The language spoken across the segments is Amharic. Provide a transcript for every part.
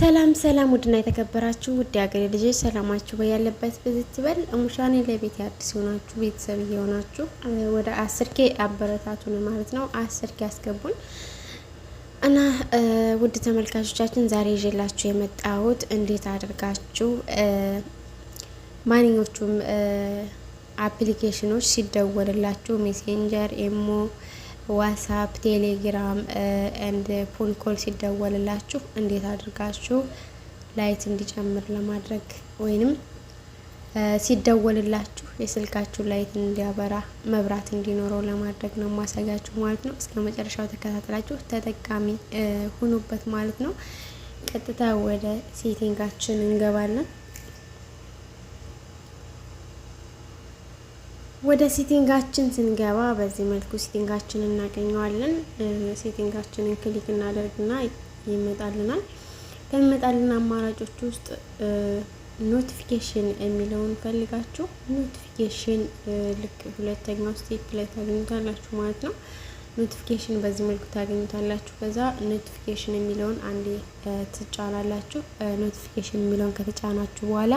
ሰላም ሰላም፣ ውድና የተከበራችሁ ውድ ሀገሬ ልጆች ሰላማችሁ በያለበት ብዝት በል። ሙሻኔ ለቤት አዲስ የሆናችሁ ቤተሰብ እየሆናችሁ ወደ አስር ኬ አበረታቱን ማለት ነው። አስር ኬ አስገቡን እና ውድ ተመልካቾቻችን ዛሬ ይዤላችሁ የመጣሁት እንዴት አድርጋችሁ ማንኞቹም አፕሊኬሽኖች ሲደወልላችሁ ሜሴንጀር፣ ኤሞ ዋትሳፕ፣ ቴሌግራም ኤንድ ፎን ኮል ሲደወልላችሁ እንዴት አድርጋችሁ ላይት እንዲጨምር ለማድረግ ወይንም ሲደወልላችሁ የስልካችሁ ላይት እንዲያበራ መብራት እንዲኖረው ለማድረግ ነው ማሳያችሁ ማለት ነው። እስከ መጨረሻው ተከታተላችሁ ተጠቃሚ ሁኑበት ማለት ነው። ቀጥታ ወደ ሴቲንጋችን እንገባለን። ወደ ሴቲንጋችን ስንገባ በዚህ መልኩ ሴቲንጋችን እናገኘዋለን። ሴቲንጋችንን ክሊክ እናደርግና ይመጣልናል። ከሚመጣልን አማራጮች ውስጥ ኖቲፊኬሽን የሚለውን ፈልጋችሁ ኖቲፊኬሽን ልክ ሁለተኛው ስቴፕ ላይ ታገኙታላችሁ ማለት ነው። ኖቲፊኬሽን በዚህ መልኩ ታገኙታላችሁ። ከዛ ኖቲፊኬሽን የሚለውን አንዴ ትጫናላችሁ። ኖቲፊኬሽን የሚለውን ከተጫናችሁ በኋላ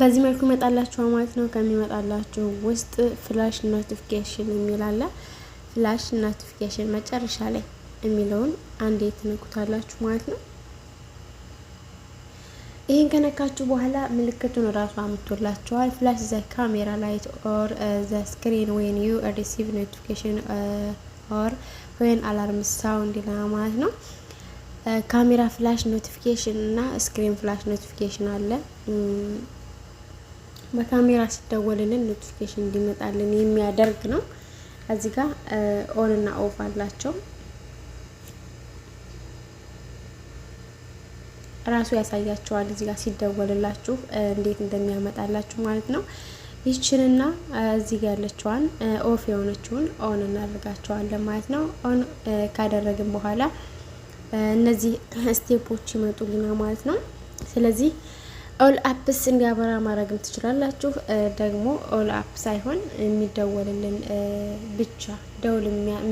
በዚህ መልኩ ይመጣላችኋል ማለት ነው። ከሚመጣላችሁ ውስጥ ፍላሽ ኖቲፊኬሽን የሚል አለ። ፍላሽ ኖቲፊኬሽን መጨረሻ ላይ የሚለውን አንዴ ትነኩታላችሁ ማለት ነው። ይህን ከነካችሁ በኋላ ምልክቱን እራሱ አምቶላችኋል። ፍላሽ ዘ ካሜራ ላይት ኦር ዘ ስክሪን ዌን ዩ ሪሲቭ ኖቲፊኬሽን ኦር ዌን አላርም ሳውንድ ይላል ማለት ነው። ካሜራ ፍላሽ ኖቲፊኬሽን እና ስክሪን ፍላሽ ኖቲፊኬሽን አለ። በካሜራ ሲደወልልን ኖቲፊኬሽን እንዲመጣልን የሚያደርግ ነው። እዚህ ጋር ኦን እና ኦፍ አላቸው። ራሱ ያሳያቸዋል። እዚህ ጋር ሲደወልላችሁ እንዴት እንደሚያመጣላችሁ ማለት ነው። ይችንና እዚህ ጋር ያለችዋን ኦፍ የሆነችውን ኦን እናደርጋቸዋለን ማለት ነው። ኦን ካደረግን በኋላ እነዚህ ስቴፖች ይመጡልናል ማለት ነው። ስለዚህ ኦል አፕስ እንዲያበራ ማድረግም ትችላላችሁ። ደግሞ ኦል አፕ ሳይሆን የሚደወልልን ብቻ ደውል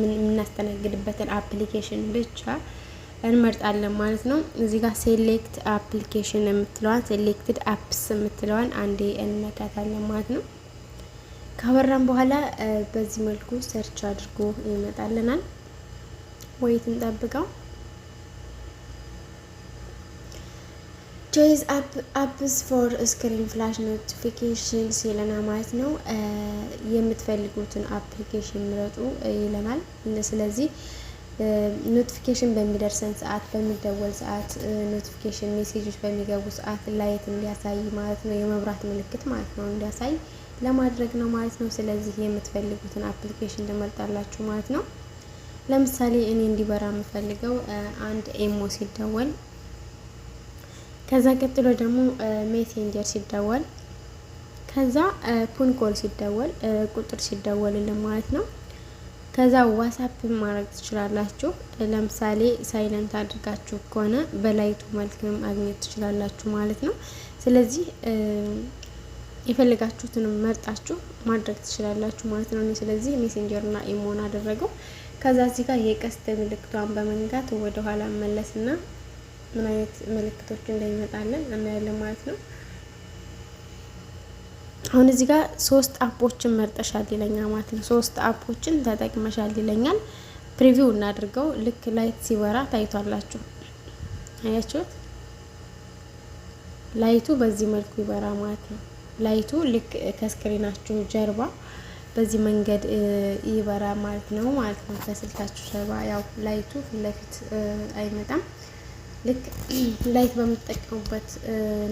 የምናስተናግድበትን አፕሊኬሽን ብቻ እንመርጣለን ማለት ነው። እዚህ ጋር ሴሌክት አፕሊኬሽን የምትለዋን ሴሌክትድ አፕስ የምትለዋን አንዴ እንመታታለን ማለት ነው። ካበራን በኋላ በዚህ መልኩ ሰርች አድርጎ ይመጣልናል። ወይት እንጠብቀው። ቾይስ አፕስ ፎር ስክሪን ፍላሽ ኖቲፊኬሽን ሲለና ማለት ነው። የምትፈልጉትን አፕሊኬሽን ምረጡ ይለናል። ስለዚህ ኖቲፊኬሽን በሚደርሰን ሰዓት፣ በሚደወል ሰዓት፣ ኖቲፊኬሽን ሜሴጆች በሚገቡ ሰዓት ላይት እንዲያሳይ ማለት ነው። የመብራት ምልክት ማለት ነው እንዲያሳይ ለማድረግ ነው ማለት ነው። ስለዚህ የምትፈልጉትን አፕሊኬሽን ትመርጣላችሁ ማለት ነው። ለምሳሌ እኔ እንዲበራ የምፈልገው አንድ ኤሞ ሲደወል ከዛ ቀጥሎ ደግሞ ሜሴንጀር ሲደወል ከዛ ፑንኮል ኮል ሲደወል ቁጥር ሲደወልልን ማለት ነው። ከዛ ዋትስአፕ ማድረግ ትችላላችሁ። ለምሳሌ ሳይለንት አድርጋችሁ ከሆነ በላይቱ መልክ ማግኘት ትችላላችሁ ማለት ነው። ስለዚህ የፈለጋችሁትንም መርጣችሁ ማድረግ ትችላላችሁ ማለት ነው። ስለዚህ ሜሴንጀርና ኢሞን አደረገው። ከዛ እዚህ ጋር የቀስት ምልክቷን በመንጋት ወደኋላ መለስና ምን አይነት ምልክቶች እንደሚመጣለን እናያለን ማለት ነው። አሁን እዚህ ጋር ሶስት አፖችን መርጠሻል ይለኛል ማለት ነው። ሶስት አፖችን ተጠቅመሻል ይለኛል። ፕሪቪው እናድርገው። ልክ ላይት ሲበራ ታይቷላችሁ። አያችሁት? ላይቱ በዚህ መልኩ ይበራ ማለት ነው። ላይቱ ልክ ከስክሪናችሁ ጀርባ በዚህ መንገድ ይበራ ማለት ነው ማለት ነው። ከስልካችሁ ጀርባ ያው ላይቱ ፊት ለፊት አይመጣም። ልክ ላይት በምጠቀሙበት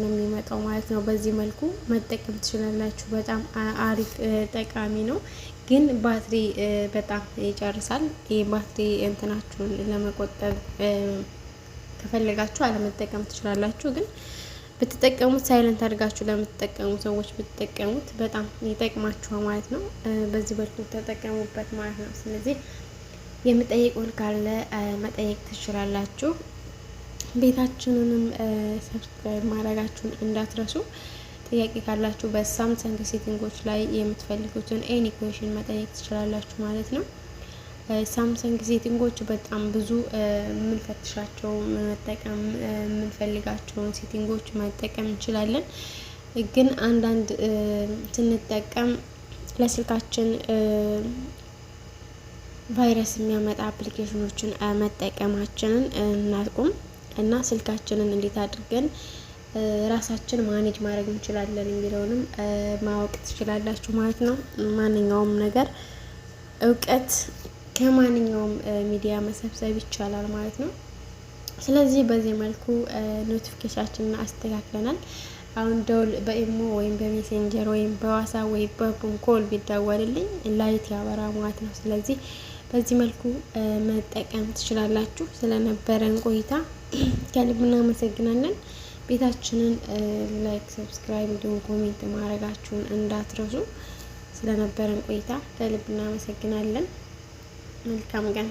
ነው የሚመጣው ማለት ነው። በዚህ መልኩ መጠቀም ትችላላችሁ። በጣም አሪፍ ጠቃሚ ነው፣ ግን ባትሪ በጣም ይጨርሳል። ባትሪ እንትናችሁን ለመቆጠብ ከፈለጋችሁ አለመጠቀም ትችላላችሁ። ግን ብትጠቀሙት ሳይለንት አድርጋችሁ ለምትጠቀሙ ሰዎች ብትጠቀሙት በጣም ይጠቅማችኋል ማለት ነው። በዚህ መልኩ ተጠቀሙበት ማለት ነው። ስለዚህ የምጠይቁን ካለ መጠየቅ ትችላላችሁ። ቤታችንንም ሰብስክራይብ ማድረጋችሁን እንዳትረሱ። ጥያቄ ካላችሁ በሳምሰንግ ሴቲንጎች ላይ የምትፈልጉትን ኤኒ ኩዌሽን መጠየቅ ትችላላችሁ ማለት ነው። ሳምሰንግ ሴቲንጎች በጣም ብዙ የምንፈትሻቸው መጠቀም የምንፈልጋቸውን ሴቲንጎች መጠቀም እንችላለን። ግን አንዳንድ ስንጠቀም ለስልካችን ቫይረስ የሚያመጣ አፕሊኬሽኖችን መጠቀማችንን እናቁም። እና ስልካችንን እንዴት አድርገን ራሳችን ማኔጅ ማድረግ እንችላለን የሚለውንም ማወቅ ትችላላችሁ ማለት ነው። ማንኛውም ነገር እውቀት ከማንኛውም ሚዲያ መሰብሰብ ይቻላል ማለት ነው። ስለዚህ በዚህ መልኩ ኖቲፊኬሽናችንን አስተካክለናል። አሁን ደውል በኢሞ ወይም በሜሴንጀር ወይም በዋሳ ወይም በቡንኮል ቢደወልልኝ ላይት ያበራ ማለት ነው። ስለዚህ በዚህ መልኩ መጠቀም ትችላላችሁ። ስለነበረን ቆይታ ከልብ እናመሰግናለን። ቤታችንን ላይክ፣ ሰብስክራይብ እንዲሁም ኮሜንት ማድረጋችሁን እንዳትረሱ። ስለነበረን ቆይታ ከልብ እናመሰግናለን። መልካም ቀን